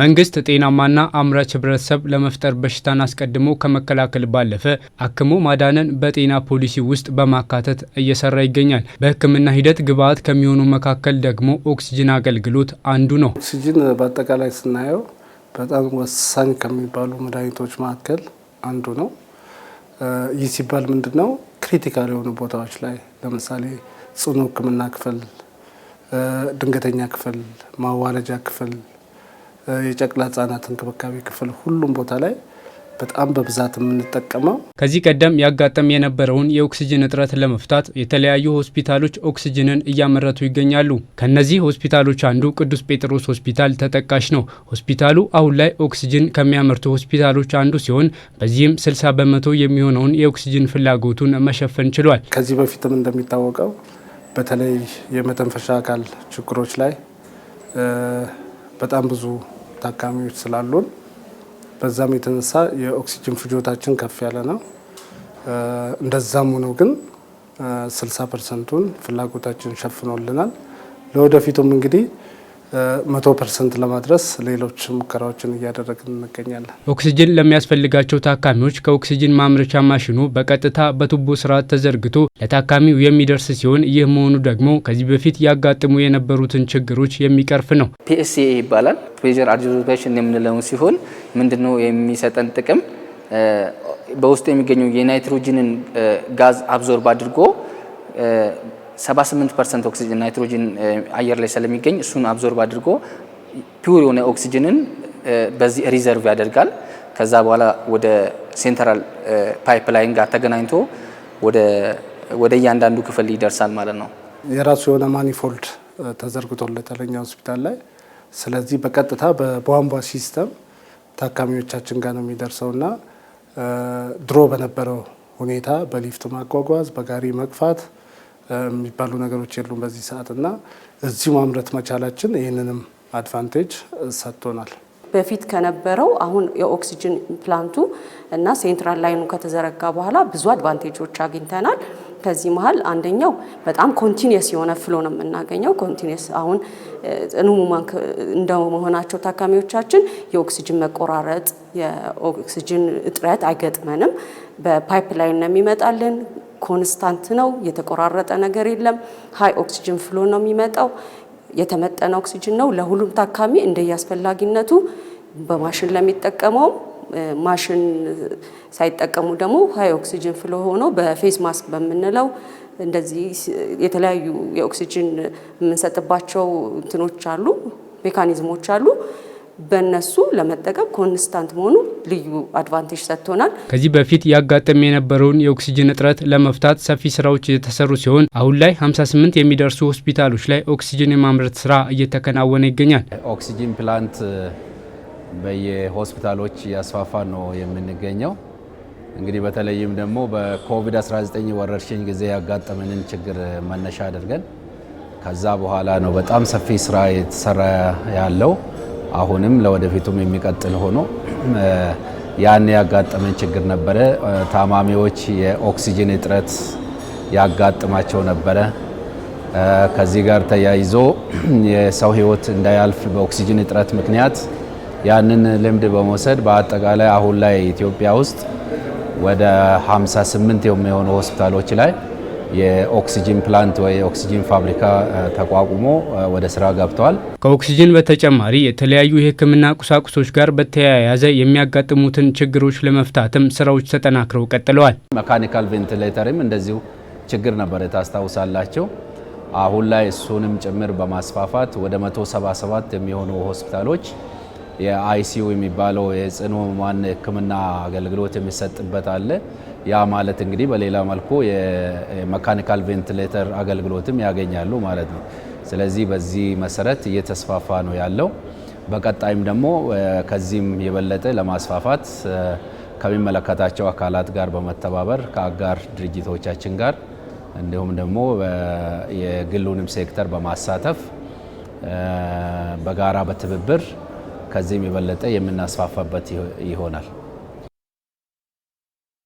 መንግስት ጤናማና አምራች ህብረተሰብ ለመፍጠር በሽታን አስቀድሞ ከመከላከል ባለፈ አክሞ ማዳንን በጤና ፖሊሲ ውስጥ በማካተት እየሰራ ይገኛል። በህክምና ሂደት ግብዓት ከሚሆኑ መካከል ደግሞ ኦክስጅን አገልግሎት አንዱ ነው። ኦክስጅን በአጠቃላይ ስናየው በጣም ወሳኝ ከሚባሉ መድኃኒቶች መካከል አንዱ ነው። ይህ ሲባል ምንድን ነው? ክሪቲካል የሆኑ ቦታዎች ላይ ለምሳሌ ጽኑ ህክምና ክፍል፣ ድንገተኛ ክፍል፣ ማዋለጃ ክፍል የጨቅላ ህጻናት እንክብካቤ ክፍል ሁሉም ቦታ ላይ በጣም በብዛት የምንጠቀመው። ከዚህ ቀደም ያጋጠም የነበረውን የኦክስጅን እጥረት ለመፍታት የተለያዩ ሆስፒታሎች ኦክስጅንን እያመረቱ ይገኛሉ። ከነዚህ ሆስፒታሎች አንዱ ቅዱስ ጴጥሮስ ሆስፒታል ተጠቃሽ ነው። ሆስፒታሉ አሁን ላይ ኦክስጅን ከሚያመርቱ ሆስፒታሎች አንዱ ሲሆን በዚህም 60 በመቶ የሚሆነውን የኦክስጅን ፍላጎቱን መሸፈን ችሏል። ከዚህ በፊትም እንደሚታወቀው በተለይ የመተንፈሻ አካል ችግሮች ላይ በጣም ብዙ ታካሚዎች ስላሉን በዛም የተነሳ የኦክሲጅን ፍጆታችን ከፍ ያለ ነው። እንደዛም ሆኖ ግን 60 ፐርሰንቱን ፍላጎታችን ሸፍኖልናል። ለወደፊቱም እንግዲህ መቶ ፐርሰንት ለማድረስ ሌሎች ሙከራዎችን እያደረግን እንገኛለን። ኦክሲጅን ለሚያስፈልጋቸው ታካሚዎች ከኦክሲጅን ማምረቻ ማሽኑ በቀጥታ በቱቦ ስርዓት ተዘርግቶ ለታካሚው የሚደርስ ሲሆን ይህ መሆኑ ደግሞ ከዚህ በፊት ያጋጥሙ የነበሩትን ችግሮች የሚቀርፍ ነው። ፒኤስኤ ይባላል። ፕሬዠር አድሶርፕሽን የምንለው ሲሆን ምንድነው የሚሰጠን ጥቅም? በውስጡ የሚገኘው የናይትሮጅንን ጋዝ አብዞርብ አድርጎ 78 ፐርሰንት ኦክሲጅን ናይትሮጅን አየር ላይ ስለሚገኝ እሱን አብዞርብ አድርጎ ፒውር የሆነ ኦክሲጅንን በዚህ ሪዘርቭ ያደርጋል። ከዛ በኋላ ወደ ሴንትራል ፓይፕላይን ጋር ተገናኝቶ ወደ እያንዳንዱ ክፍል ይደርሳል ማለት ነው። የራሱ የሆነ ማኒፎልድ ተዘርግቶለት ለኛ ሆስፒታል ላይ። ስለዚህ በቀጥታ በቧንቧ ሲስተም ታካሚዎቻችን ጋር ነው የሚደርሰውና ድሮ በነበረው ሁኔታ በሊፍት ማጓጓዝ፣ በጋሪ መግፋት የሚባሉ ነገሮች የሉም በዚህ ሰዓት እና እዚሁ ማምረት መቻላችን ይህንንም አድቫንቴጅ ሰጥቶናል። በፊት ከነበረው አሁን የኦክሲጅን ፕላንቱ እና ሴንትራል ላይኑ ከተዘረጋ በኋላ ብዙ አድቫንቴጆች አግኝተናል። ከዚህ መሀል አንደኛው በጣም ኮንቲኒየስ የሆነ ፍሎ ነው የምናገኘው። ኮንቲኒየስ አሁን ጽኑ ሕሙማን እንደመሆናቸው ታካሚዎቻችን የኦክሲጅን መቆራረጥ፣ የኦክሲጅን እጥረት አይገጥመንም። በፓይፕ ላይን ነው የሚመጣልን። ኮንስታንት ነው። የተቆራረጠ ነገር የለም። ሀይ ኦክሲጅን ፍሎ ነው የሚመጣው። የተመጠነ ኦክሲጅን ነው። ለሁሉም ታካሚ እንደየአስፈላጊነቱ በማሽን ለሚጠቀመው ማሽን ሳይጠቀሙ ደግሞ ሀይ ኦክሲጅን ፍሎ ሆኖ በፌስ ማስክ በምንለው እንደዚህ የተለያዩ የኦክሲጅን የምንሰጥባቸው እንትኖች አሉ፣ ሜካኒዝሞች አሉ። በእነሱ ለመጠቀም ኮንስታንት መሆኑ ልዩ አድቫንቴጅ ሰጥቶናል። ከዚህ በፊት ያጋጠመ የነበረውን የኦክሲጅን እጥረት ለመፍታት ሰፊ ስራዎች የተሰሩ ሲሆን አሁን ላይ 58 የሚደርሱ ሆስፒታሎች ላይ ኦክሲጅን የማምረት ስራ እየተከናወነ ይገኛል። ኦክሲጅን ፕላንት በየሆስፒታሎች እያስፋፋ ነው የምንገኘው። እንግዲህ በተለይም ደግሞ በኮቪድ-19 ወረርሽኝ ጊዜ ያጋጠመንን ችግር መነሻ አድርገን ከዛ በኋላ ነው በጣም ሰፊ ስራ የተሰራ ያለው። አሁንም ለወደፊቱም የሚቀጥል ሆኖ ያን ያጋጠመን ችግር ነበረ። ታማሚዎች የኦክሲጅን እጥረት ያጋጥማቸው ነበረ። ከዚህ ጋር ተያይዞ የሰው ሕይወት እንዳያልፍ በኦክሲጅን እጥረት ምክንያት ያንን ልምድ በመውሰድ በአጠቃላይ አሁን ላይ ኢትዮጵያ ውስጥ ወደ 58 የሚሆኑ ሆስፒታሎች ላይ የኦክሲጂን ፕላንት ወይ ኦክሲጂን ፋብሪካ ተቋቁሞ ወደ ስራ ገብተዋል። ከኦክሲጂን በተጨማሪ የተለያዩ የሕክምና ቁሳቁሶች ጋር በተያያዘ የሚያጋጥሙትን ችግሮች ለመፍታትም ስራዎች ተጠናክረው ቀጥለዋል። መካኒካል ቬንትሌተርም እንደዚሁ ችግር ነበር ታስታውሳላቸው። አሁን ላይ እሱንም ጭምር በማስፋፋት ወደ 177 የሚሆኑ ሆስፒታሎች የአይሲዩ የሚባለው የጽኑ ሕሙማን ሕክምና አገልግሎት የሚሰጥበት አለ። ያ ማለት እንግዲህ በሌላ መልኩ የመካኒካል ቬንትሌተር አገልግሎትም ያገኛሉ ማለት ነው። ስለዚህ በዚህ መሰረት እየተስፋፋ ነው ያለው። በቀጣይም ደግሞ ከዚህም የበለጠ ለማስፋፋት ከሚመለከታቸው አካላት ጋር በመተባበር ከአጋር ድርጅቶቻችን ጋር እንዲሁም ደግሞ የግሉንም ሴክተር በማሳተፍ በጋራ በትብብር ከዚህም የበለጠ የምናስፋፋበት ይሆናል።